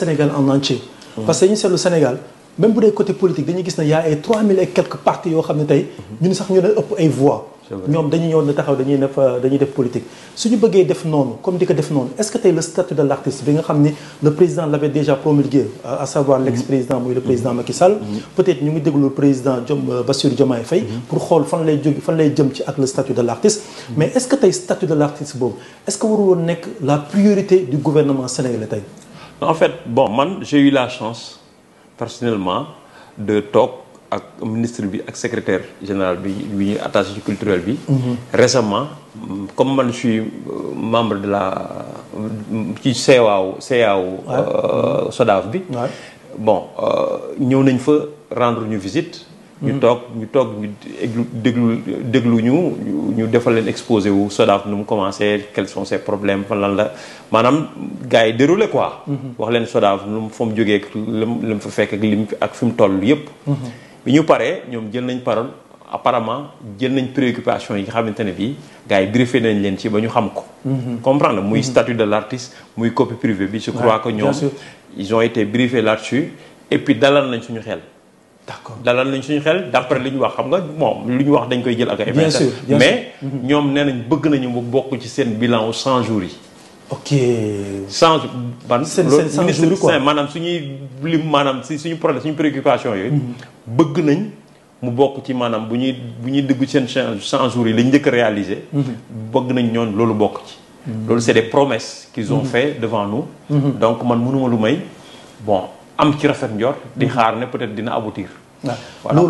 Sénégal en entier. parce que ñu seetlu Sénégal même bu dee côté politique dañuy gis ne y' a ay 3000 et quelques partis yoo xam ne tey. ñun sax ñu ne ëpp ay voix. ñoom dañuy ñëw ne taxaw dañuy def dañuy def politique. su ñu bëggee def noonu comme di ko def noonu est-ce que tey le statut de l'artiste bi nga xam ni le président l'avait déjà promulgué à savoir l'ex-président muy le président Macky mm-hmm. Mm-hmm. Euh, mm-hmm. pour xool fan lay jóg fan lay jëm ci ak le statut de l'artiste. mais est-ce que tey statut de l'artiste boobu est-ce en fait bon man j'ai eu la chance personnellement de toog ak ministre bi ak secretaire général bi bi ñuy attaché culturel bi. Mhm. récemment comme man je suis euh, membre de la ci CEAO CEAO. Euh, SODAV bi. bon euh, ñëw nañ fa rendre ñu visite. ñu mm-hmm. toog ñu toog ñu déglu déglu ñu ñu defal leen exposé wu SODAV nu mu commencé quels sont ses problèmes fan la maanaam gars yi déroulé quoi. Mm-hmm. wax leen SODAV nu mu fa mu jógee ak li mu fa fekk ak lim ak fi mu toll yépp mm-hmm. bi ñu paree ñoom jël nañ parole apparemment jël nañ préoccupation yi nga xamante ne bii gars yi griffé nañ leen ci ba ñu xam ko. comprendre muy statut de l'artiste muy copie privée bi. je que ñoom ils ont été briefés là-dessus et puis dalal nañ suñu xel. d'accord dalal nañ suñu xel d'après li ñu wax xam nga bon li ñu wax dañ koy jël ak ay bien sûr mais mhm. ñoom nee nañ bëgg nañu mu bokk ci seen bilan wu 100 jours yi ok cent ban ministre saint maanaam suñuy lim maanaam si suñu problème suñu préoccupation yooyu mhm. bëgg nañ mu bokk ci maanaam bu ñuy bu ñuy dugg seen cent jours yi la njëkk réaliser réalisé mhm. bëgg nañ ñoon loolu bokk ci loolu c'est des promesses qu'ils ont fait devant nous donc man mënuma lu may bon am ci rafet njort di xaar ne peut-être dina aboutir. waaw